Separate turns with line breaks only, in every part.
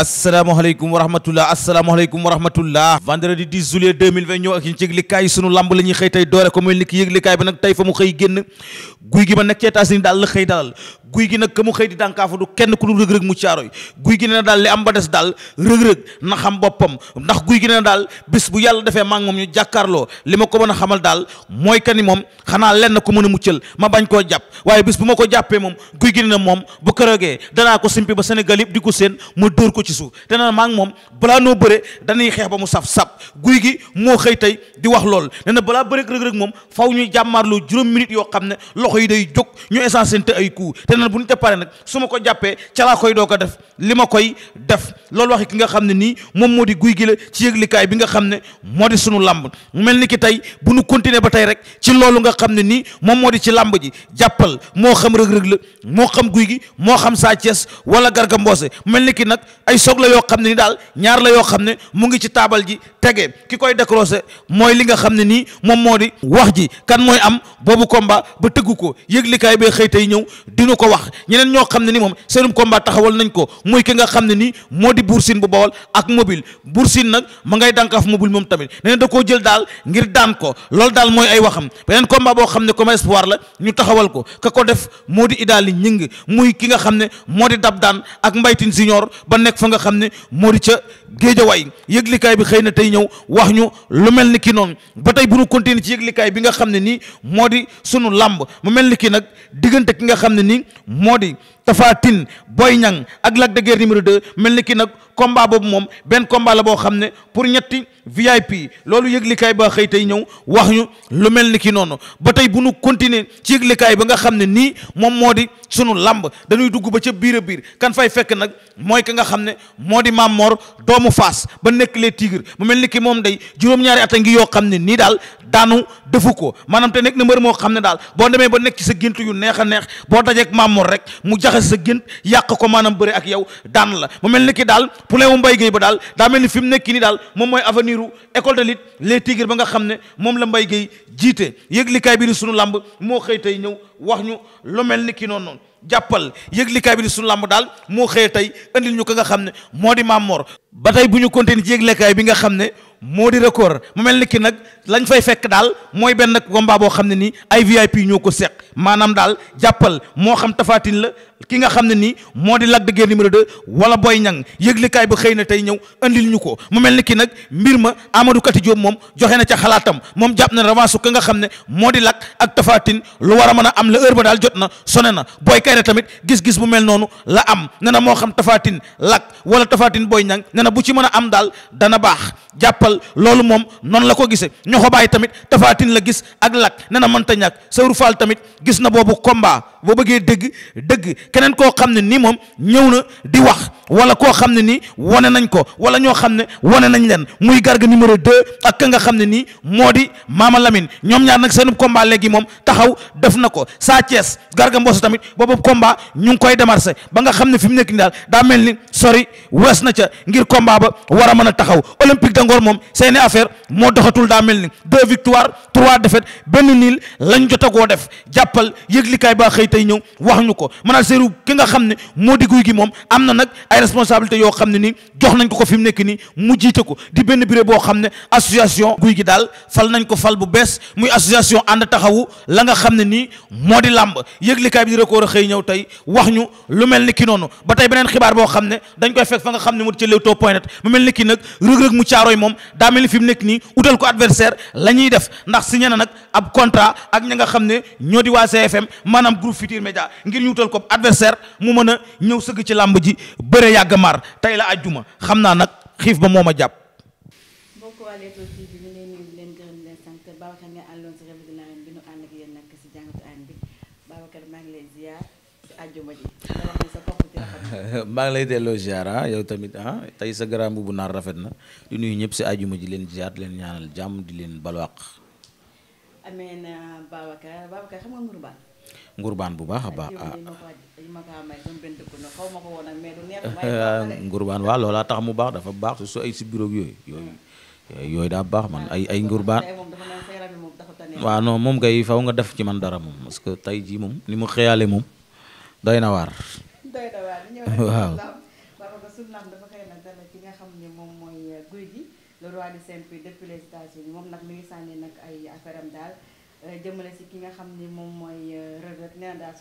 asalaamaaleykum wa rahmatullah asalaamaaleykum wa rahmatullah vendredi 10 juillet 2020 ñëw ak yi yëglikaay yi sunu lamb la ñuy xëy tey doore ko mel ni ki yëglikaay bi nag tey fa mu xëy génn guy gi ma nekk ci États-Unis xëy dalal guy gi nag ka mu xëy di dànkaafu du kenn ku du rëg-rëg mu caaroy guy gi nee na daal li am ba des daal rëg-rëg na xam boppam ndax guy gi nee na daal bis bu yàlla defee maa moom ñu jàkkaarloo li ma ko mën a xamal daal mooy ni moom xanaa lenn ko mën a muccal ma bañ koo jàpp waaye bis bu ma ko jàppee moom guy gi nee na moom bu kërogee danaa ko simpi ba Sénégal yëpp di ko séen mu dóor ko ci suuf te nee na maa ngi moom balaa noo bëre dañuy xeex ba mu saf-sap guy gi moo xëy tey di wax lool nee na balaa bëre rëg-rëg moom faw ñuy jàmmaarloo juróom minutes yoo xam ne loxo yi day jóg ñu essence seen te ay leneen bu ñu ca pare nag su ma ko jàppee ca laa koy doog a def li ma koy def loolu waxi ki nga xam ne nii moom moo di guy gi la ci yëglikaay bi nga xam ne moo di sunu làmb mel ni ki tey bu nu continuer ba tey rek ci loolu nga xam ne nii moom moo di ci làmb ji jàppal moo xam rëg-rëg la moo xam guy gi moo xam Sa Thiès wala Garga Mbossé mel ni ki nag ay soog la yoo xam ne ni daal ñaar la yoo xam ne mu ngi ci taabal ji tege ki koy décroché mooy li nga xam ne nii moom moo di wax ji kan mooy am boobu combat ba tëgg ko yëglikaay bee xëy tey ñëw dinu ko wax ñeneen ñoo xam ne ni moom seenum combat taxawal nañ ko muy ki nga xam ne nii moo di Boursine bu bawal ak mobile Boursine nag ma ngay dànkaaf mobile moom tamit nee da koo jël daal ngir daan ko loolu daal mooy ay waxam beneen combat boo xam ne comme espoir la ñu taxawal ko ka ko def moo di idaali ñing muy ki nga xam ne moo di dab daan ak mbaytin senior ba nekk fa nga xam ne moo ca géejawaay wax ñu lu mel ni kii noonu ba tey bu ñu continuer ci yëglikaay bi nga xam ne nii moo di sunu làmb mu mel ni kii nag diggante ki nga xam ne nii moo di Tafatine Boy Niang ak Lac de Guiers numéro 2 mel ni ki nag combat boobu moom benn combat la boo xam ne pour ñetti VIP loolu yëglikaay ba xëy tey ñëw wax ñu lu mel ni ki noonu ba tey bu nu continuer ci yëglikaay ba nga xam ne nii moom moo di sunu làmb dañuy dugg ba ca biir a biir kan fay fekk nag mooy ki nga xam ne moo di Maam Mor doomu fas ba nekk lee Tigres mu mel ni ki moom day juróom-ñaari at ngi yoo xam ne nii daal daanu defu ko maanaam te nekk na mbër moo xam ne daal boo demee ba nekk ci sa gént yu neex a neex boo dajeek Maam xas sa gént yàq ko maanaam bëri ak yow daan la mu mel ni daal problème mu mbay géey ba daal daa mel ni fi mu nii daal moom mooy avenir école de lutte les tigres ba nga xam ne moom la mbay géey jiite yëglikaay bi di sunu làmb moo xëy tey ñëw wax ñu lu mel ni ki noonu jàppal yëglikaay bi di sunu làmb daal moo xëye tey andil ñu ko nga xam ne moo di Mame Mor ba tey bu ñu continuer ci bi nga xam ne moo di record mu mel ni ki nag lañ fay fekk daal mooy benn combat boo xam ne nii ay VIP ñoo ko seq maanaam daal jàppal moo xam tafaatin la ki nga xam ne nii moo di Lac de Guiers numéro 2 wala Boy Niang yëglikaay bi xëy na tey ñëw andil ñu ko mu mel ni ki nag mbir ma Amadou Kati Diop moom joxe na ca xalaatam moom jàpp na revanche ka nga xam ne moo di lakk ak tafaatin lu war a mën a am am la heure ba daal jot na sone na booy kayre tamit gis-gis bu mel noonu la am ne moo xam tafaatin lak wala tafaatin booy ñang ne bu ci mën a am daal dana baax jàppal loolu moom noonu la ko gisee ñoxo baay tamit tafaatin la gis ak lakk ne na mënta ñàkk sawru faal tamit gis na boobu combat boo bëggee dëgg dëgg keneen koo xam ne nii moom ñëw na di wax wala koo xam ne nii wane nañ ko wala ñoo xam ne wane nañ leen muy garga numéro deux ak ka nga xam ne nii moo di maama Lamine ñoom ñaar nag seen combat léegi moom taxaw def na ko saa Thiès garga mboosu tamit boobu combat ñu ngi koy démarré ba nga xam ne fi mu nekk nii daal daa ni sori wees na ca ngir combat ba war a mën a taxaw diggante Ngor moom seeni affaire moo doxatul daa mel ni deux victoires trois défaites benn niil lañ jot a koo def jàppal yëglikaay baa xëy tey ñëw wax ñu ko maanaam seeru ki nga xam ne moo di guy gi moom am na nag ay responsabilités yoo xam ne nii jox nañ ko ko fi mu nekk nii mu jiite ko di benn bureau boo xam ne association guy gi daal fal nañ ko fal bu bees muy association ànd taxawu la nga xam ne nii moo di làmb yëglikaay bi di record a xëy ñëw tey wax ñu lu mel ni ki noonu ba tey beneen xibaar boo xam ne dañ koy fekk xam ne mu di ci Caaroy moom daa mel fi mu nekk nii utal ko adversaire la ñuy def ndax signé na nag ab contrat ak ña nga xam ne ñoo di waa CFM maanaam groupe Futur Média ngir ñu utal ko adversaire mu mën a ñëw sëgg ci làmb ji bëre yàgg maar tey la àjjuma xam naa nag xiif ba moom ma jàpp. àjjuma ji maa ngi lay delloo ziar yow tamit ah tey sa garaam bu naar rafet na di nuyu ñëpp si àjjuma ji leen ziar leen ñaanal jàmm di leen balwaq. ngurbaan. bu baax baax ah. ngurbaan waaw loolaa tax mu baax dafa baax su su ay si bureau yooyu yooyu. yooyu daa baax man ay ay ngurbaan. waa non moom kay faw nga def ci man dara moom parce que tey jii moom ni mu xëyaale moom day na waar. doy
na waar waaw nga xam ne moom mooy euh, mi ngi sànni nag daal euh, ki nga xam ne moom mooy euh, rëdd nee na daal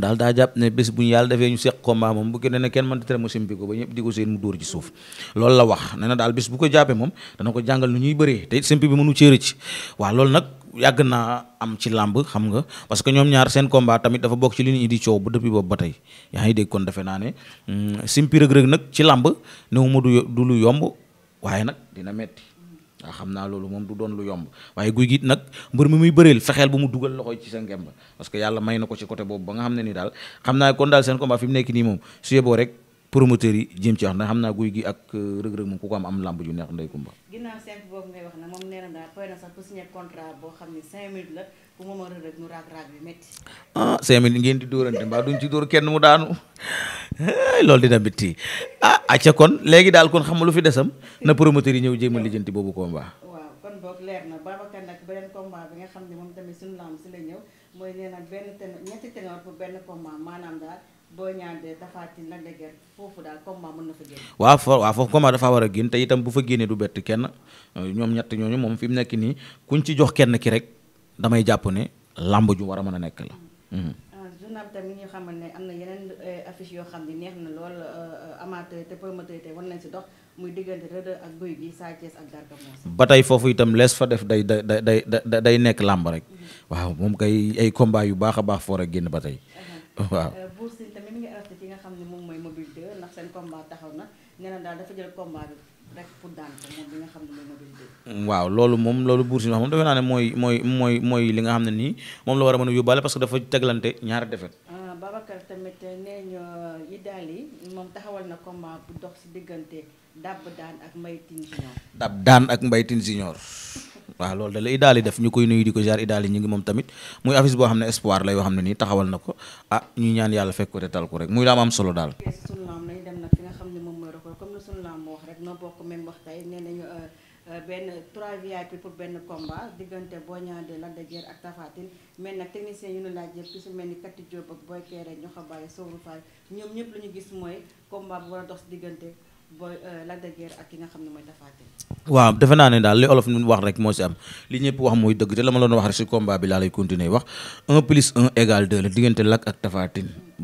daal daa jàpp ne bés bu ñu yàlla defee ñu seq combat moom bu kenn kenn mënta tere mu simpi ko ba ñëpp di ko seen mu dóor ci suuf loolu la wax nee na daal bés bu ko jàppee moom dana ko jàngal nu ñuy bëree te simpi bi mënu cee rëcc waaw loolu nag yàgg naa am ci làmb xam nga parce que ñoom ñaar seen combat tamit dafa bokk ci li ñuy di coow ba depuis boobu ba tey yaa dégg kon defe naa ne mm, simpi rëg-rëg nag ci làmb newuma du du lu yomb waaye nag dina metti waaw xam naa loolu moom du doon lu yomb waaye guy gi nag mbër mi muy bëreel fexeel bu mu dugal loxo ci sa ngemb parce yàlla may na ko ci côté boobu ba nga xam ne ni daal xam naa kon daal seen combat fi mu nii moom su yeboo rek promoteurs yi jéem ci wax ndax xam naa guy gi ak euh, rëg-rëg moom ku ko am am lamb ju neex ndey kumba
ginnaaw cinq na moom nee na daal pare boo xam ne cinq minutes la bu a rëg-rëg mu
ah, di dóorante mbaa duñ ci dóor kenn mu ah, kon lu fi desam na promoteurs yi a lijjanti boobu combat waaw kon boog leer na
Babacar nag beneen combat bi nga xam ne moom tamit suñu lamb si la ñëw mooy nee na benn tenor ñetti tenor pour benn combat
maanaam daal boo ñaandee tafaatin la foofu daal dafa war a génn te itam bu fa génnee du bett kenn ñoom ñett ñooñu moom fi mu nekk nii kuñ ci jox kenn ki rek damay jàpp ne làmb ju war a mën a nekk la. Mhm.
Euh, journal tamit ne am na euh, yoo xam ne neex euh, muy diggante Reug ak Gouye Gui Sa Thiès ak Garga
ba tey foofu itam lees fa def day day day nekk làmb rek. Mhm. waaw moom kay ay combat yu baax a baax foor a génn ba tey. Mhm. waaw
euh, Bour Sine tamit mi ngi arrêté ki nga xam ne moom mooy mobile 2 ndax seen combat taxaw na nee daal dafa jël combat rek pour daan ko moom bi nga xam
ne mooy loolu moom loolu Bour Sine wax defe naa ne mooy mooy mooy mooy li nga xam ne nii moom la war a mën a yóbbaale parce que dafa teglante ñaari defet.
Euh, Babacar tamit nee ñu yi euh, daal yi moom taxawal na combat
bu dox si diggante Dab daan ak Mbaye Tine Junior. daan ak Mbaye Tine waaw loolu da la Idaly def ñu koy nuyu di ko jaar Idaly ñu ngi moom tamit muy affiche boo xam ne espoir la yoo xam ne nii taxawal na ko ah ñuy ñaan yàlla fekk ko te tal ko rek muy daam am solo daal
noo bokk même wax tey nee nañu euh, euh, benn 3 VIP pour benn combat diggante Boy Niang 2 Lac de Guiers ak Tapha Tine mais nag technicien yu ñu laaj yëpp ki su mel ni Kati Diop ak ñoo xam bàyyi Sow Faye ñoom ñëpp lu ñu gis mooy combat bu war a dox si booy euh, Lac de
defe naa ne daal li olof nu wax rek moo si am li ñëpp wax mooy dëgg te la ma doon wax rek si combat bi laa lay continuer wax 1 plus 1 égale 2 la diggante Lac ak Tapha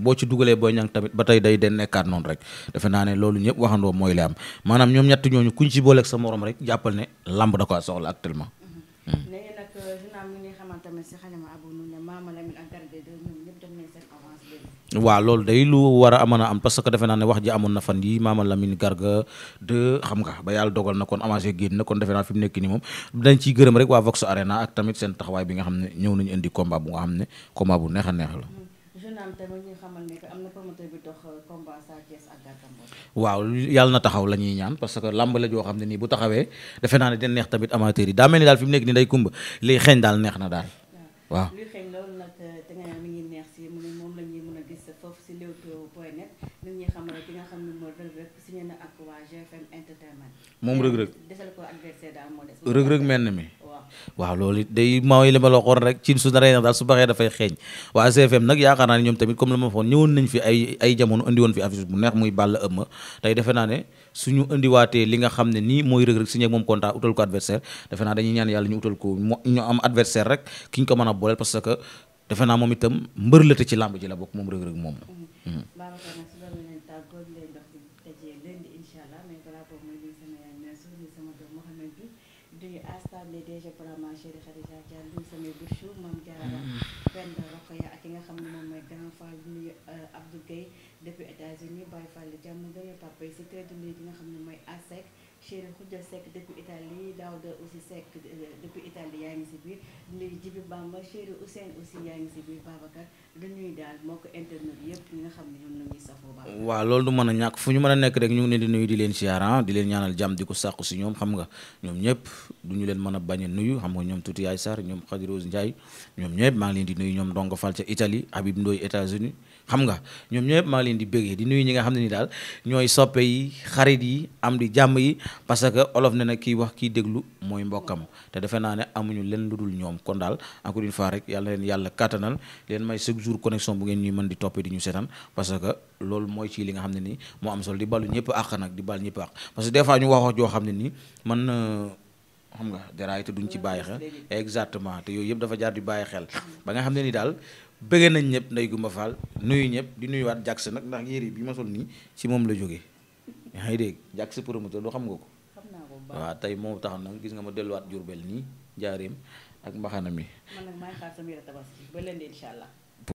boo ci dugalee booy Niang tamit ba tey day den nekkaat noonu rek defe naa ne loolu ñëpp waxandoo mooy li am maanaam ñoom ñett ñooñu kuñ ci booleeg sa morom rek jàppal ne lamb da ko soxla actuellement.
léegi mm-hmm. mm.
waaw loolu day lu war a mën a am parce que defe naa ne wax ji amoon na fan yi Mama Lamine Garga de xam nga ba yàlla dogal na kon avancé génn na kon defe naa fi mu nekk nii moom dañ ciy gërëm rek waa Vox Arena ak tamit taxawaay bi nga xam ne ñëw nañu indi combat bu nga xam ne combat bu neex a neex yàlla na taxaw la ñuy ñaan parce que làmb la joo xam ne nii bu taxawee defe naa ne den neex tamit amateur yi daa ni daal fi nekk nii day kumba liy xeeñ daal neex na daal waa
foofu si Leewtoo point net li na moom Reug Reug desal ko mi. waaw
waaw loolu day mooy li ma la rek ci su naree nag daal su baxee dafay xeeñ waa GFM nag yaakaar naa ne ñoom tamit comme la ma waxoon ñëwoon nañ fi ay ay jamono indi woon fi affiche bu neex muy Balla Ëmma tey defe naa ne suñu indiwaatee li nga xam ne nii mooy Reug Reug signé ak moom contrat utal ko adversaire defe naa dañuy ñaan yàlla ñu utal ko ñu am adversaire rek ki ko mën a booleel parce que defe naa moom itam mbër la ci làmb ji la bokk moom Reug Reug moom. Euh,
depuis États-Unis Baye Fall jàmm gën a papa yi si kër gi nga xam ne mooy ASEC Chérif Khoudia Seck depuis Italie Daouda aussi Seck euh, depuis Italie yaa ngi si biir di nuyu Djibi Bamba aussi yaa ngi si biir Babacar du nuyu daal moo ko internet yëpp nga xam ne ñoom la ñuy safoo baax waaw
loolu du mën a ñàkk fu ñu mën a nekk rek ñu ngi di nuyu di leen siyaar di leen ñaanal jàmm di ko sàqu si ñoom xam nga ñoom ñëpp du ñu leen mën a bañ a nuyu xam nga ñoom tuuti yaay Sarr ñoom Khady Rose ñoom ñëpp maa ngi leen di nuyu ñoom Ndongo Fall ca Italie Habib xam nga ñoom ñëpp maa leen di bëggee di nuyu ñi nga xam ne ni daal ñooy soppe yi xarit yi am di jàmm yi parce que olof ne na kiy wax kii déglu mooy mbokkam te defe naa ne amuñu leen lu dul ñoom kon daal encore une fois rek yàlla leen yàlla kattanal leen may chaque jour connexion bu ngeen ñuy mën di toppee di ñu seetaan parce que loolu mooy ci li nga xam ne nii moo am solo di ballu ñëpp àq nag di bal ñëpp àq parce que des ñu wax wax joo xam ne nii man xam nga déraay te duñ ci bàyyi xel exactement te yooyu yëpp dafa jaar di bàyyi xel ba nga xam ne ni daal bëgg nañ ñëpp nday Gumba Fall nuyu ñëpp di nuyuwaat Jax nag ndax yére bi ma sol nii ci moom la jógee yaa ngi dégg Jax promoteur lu xam nga
ko waaw
tey moom tax nag gis nga ma delluwaat Jurbel nii jaareem ak mbaxana mi